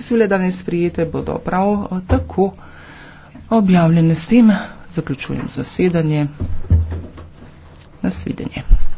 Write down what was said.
ki so bile danes sprijete, bodo prav tako objavljene s tem. Zaključujem zasedanje. Nasvidenje.